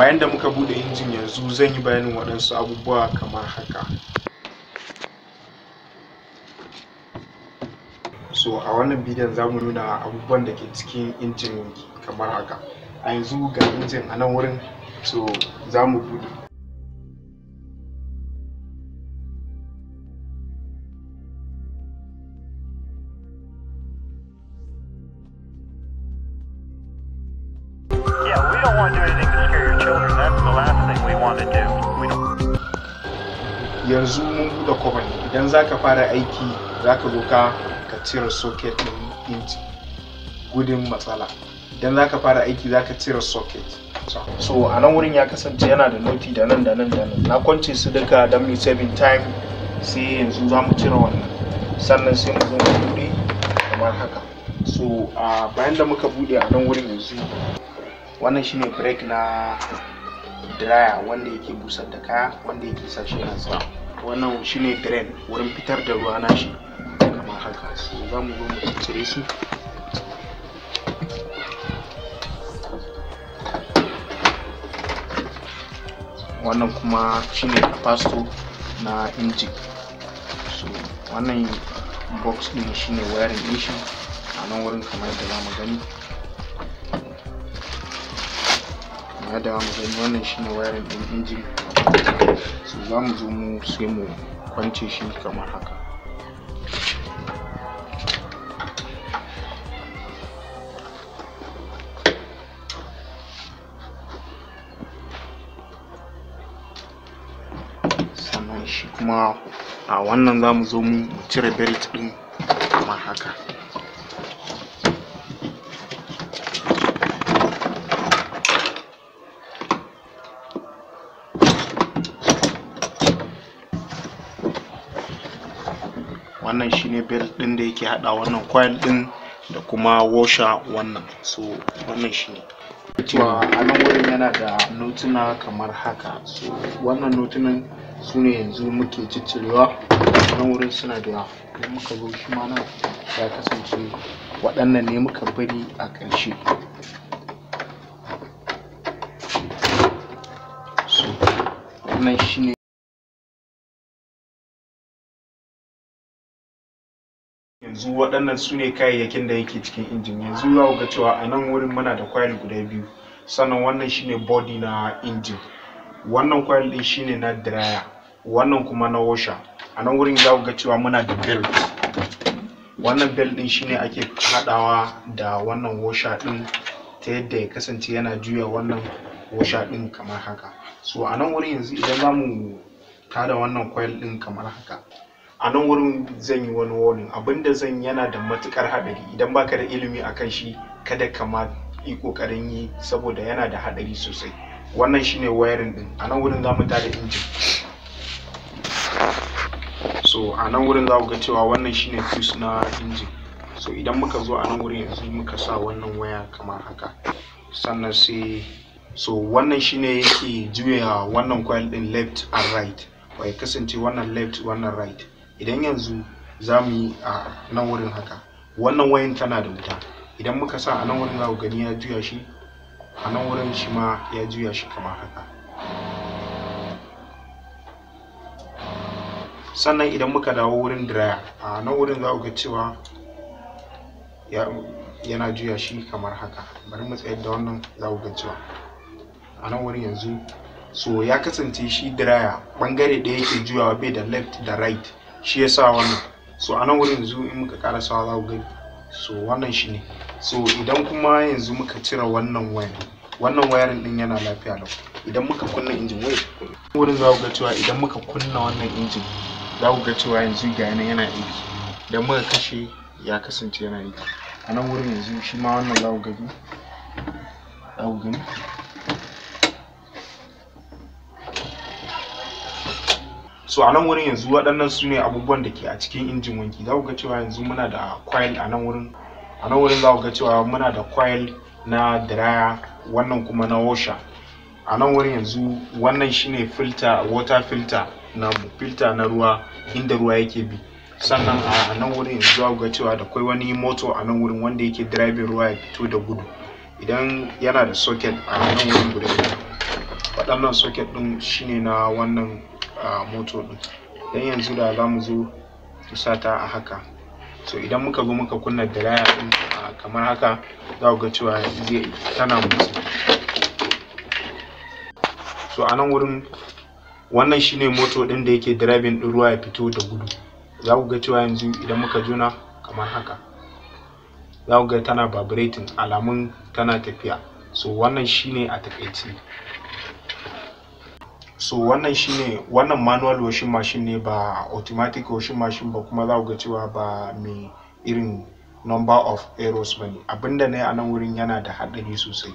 bayan da muka bude injin yanzu zan yi bayanin waɗansu abubuwa kamar haka so a wannan bidiyon za mu nuna abubuwan da ke cikin injin kamar haka a yanzu ga injin a nan wurin so za mu bude Yanzu mun buɗe kwaban idan za ka fara aiki za ka zo ka ka cire socket ɗin inji gudun matsala. Idan za ka fara aiki za ka cire socket. So a nan wurin ya kasance yana da noti da nan da nan da nan. Na kwance su duka don mu saving time sai yanzu za mu cire wannan. Sannan sai mu zo mu buɗe kamar haka. So bayan da muka buɗe a nan wurin yanzu wannan shine break na dryer wanda yake busar da kaya wanda yake sa shi yana tsawa wannan shine drain wurin fitar da ruwa na shi kamar haka so za mu zo mu cire su wannan kuma shine capacitor na injin so wannan box din shine wayarin din shi a nan wurin kamar yadda za mu gani hadawa mu gani wannan shine wayarin ɗin injin so za mu zo mu sai mu kwance shi kamar haka sannan shi kuma a wannan za mu zo mu cire belt ɗin kamar haka wannan shine belt din da yake hada wannan coil din da kuma washer wannan so wannan shine cewa a nan wurin yana da notuna kamar haka so wannan notunan su ne yanzu muke ciccirewa nan wurin suna da yawa idan muka zo shi ma nan ya kasance waɗannan ne muka bari a ƙarshe so wannan shine yanzu waɗannan su ne kayayyakin da yake cikin injin yanzu za ga cewa a nan wurin muna da kwayar guda biyu sannan wannan shine body na injin wannan kwayar din shine na dryer wannan kuma na washer a nan wurin za ga cewa muna da belt wannan belt din shine ake haɗawa da wannan washer din ta yadda ya kasance yana juya wannan washer din kamar haka so a nan wurin yanzu idan za mu tada wannan coil din kamar haka a nan wurin zan yi wani warning abinda zan yana da matukar hadari idan baka da ilimi akan shi kada ka ma yi kokarin yi saboda yana da hadari sosai wannan shine wayarin din a nan wurin za mu tare injin so a nan wurin za ku ga cewa wannan shine fuse na injin so idan muka zo a nan wurin yanzu muka sa wannan waya kamar haka sannan sai so wannan shine yake juya wannan coil din left and right ya kasance wannan left wannan right idan yanzu za mu yi a nan wurin haka wannan wayan tana da wuta idan muka sa a nan wurin za ku gani ya juya shi a nan wurin shi ma ya juya shi kamar haka sannan idan muka dawo wurin diraya a nan wurin za ku ga cewa yana juya shi kamar haka bari mu tsayar da wannan za ku ga cewa a nan wurin yanzu so ya kasance shi diraya bangare ɗaya yake juyawa bai da left da right shi ya sa wannan so a nan wurin yanzu in muka ƙara sawa za ku gani so wannan shi ne so idan kuma yanzu muka cire wannan wayar wannan wayarin din yana lafiya lau idan muka kunna injin wayar wurin za ku ga cewa idan muka kunna wannan injin za ku ga cewa yanzu ga yanan yana aiki idan muka kashe ya kasance yana aiki a nan wurin yanzu shi ma wannan za ku gani za ku gani so a nan wurin yanzu waɗannan su ne abubuwan da ke a cikin injin wanki za ku ga cewa yanzu muna da coil a nan wurin a nan wurin za ku ga cewa muna da coil na dryer wannan kuma na washer a nan wurin yanzu wannan shine filter water filter na filter na ruwa inda ruwa yake bi sannan a nan wurin yanzu za ku ga cewa da kwai wani moto a nan wurin wanda yake driving ruwa ya fito da gudu idan yana da socket a nan wurin guda waɗannan socket ɗin shine na wannan a moto din dan yanzu da za mu zo mu sa ta a haka so idan muka zo muka kunna diraya din kamar haka za ku ga cewa zai tana motsi so a nan wurin wannan shine moto din da yake driving din ruwa ya fito da gudu za ku ga cewa yanzu idan muka juna kamar haka za ku ga tana vibrating alamun tana tafiya so wannan shine a takaice so wannan shine wannan manual washing machine ne ba automatic washing machine ba kuma za ku ga cewa ba mai irin number of errors ba ne abin da na yi a nan wurin yana da haɗari sosai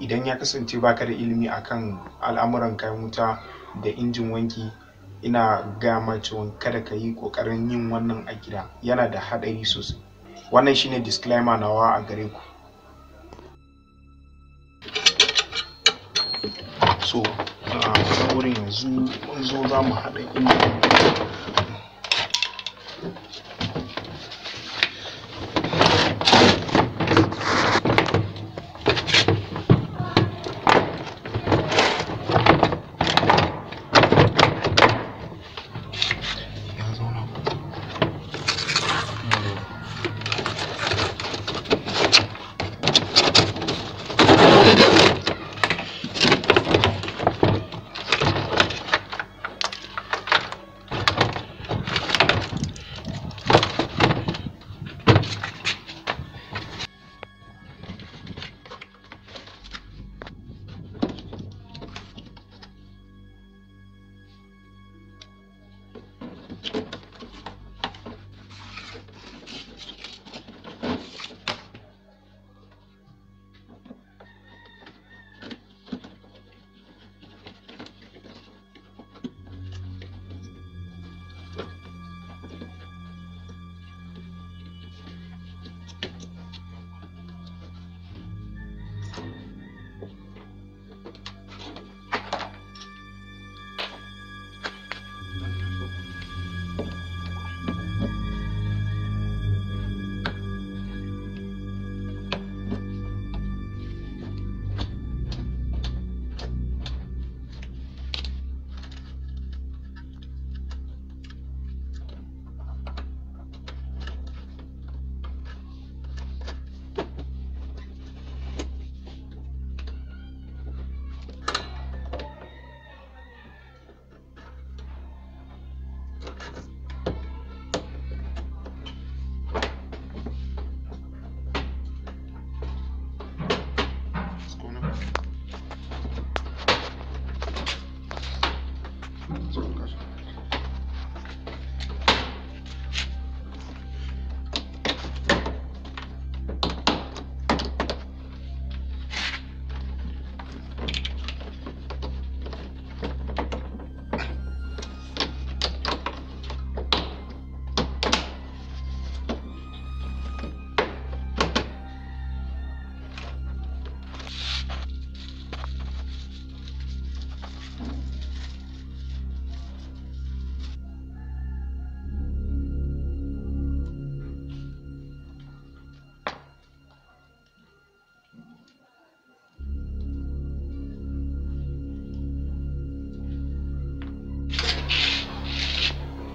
idan ya kasance baka da ilimi a kan al'amuran kayan wuta da injin wanki ina gaya ma cewa kada ka yi ƙoƙarin yin wannan a gida yana da haɗari sosai wannan shine disclaimer nawa a gare ku so a wurin yanzu mun zo za mu haɗa injin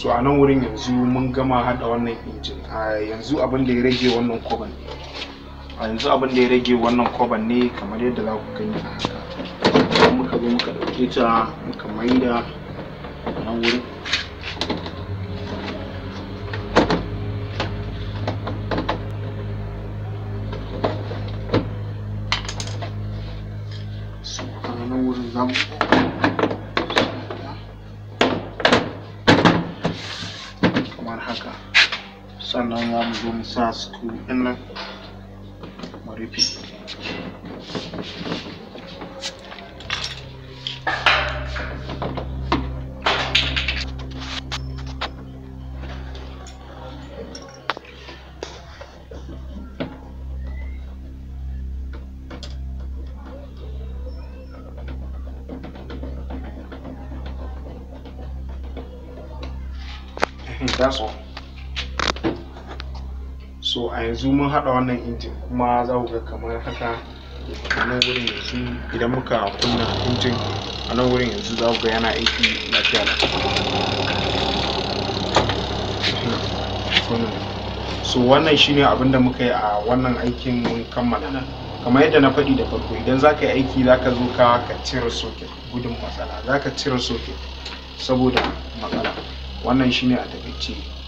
so a nan wurin yanzu mun gama hada wannan injin a yanzu abin da ya rage wannan koban ne a yanzu abin da ya rage wannan kwaban ne kamar yadda za ku gani a haka muka zo muka ɗauke ta muka maida da a nan wurin Thank you. and za mu zo mu sa screw ɗin nan mu rufe That's all. so a yanzu mun haɗa wannan injin kuma za ku ga kamar haka a nan wurin yanzu idan muka kunna injin a nan wurin yanzu za ku ga yana aiki lafiya so wannan shine abinda muka yi a wannan aikin mun kammala kamar yadda na faɗi da farko idan za ka yi aiki za ka zo ka cire soket gudun matsala za ka cire soket saboda matsala wannan shine a takaice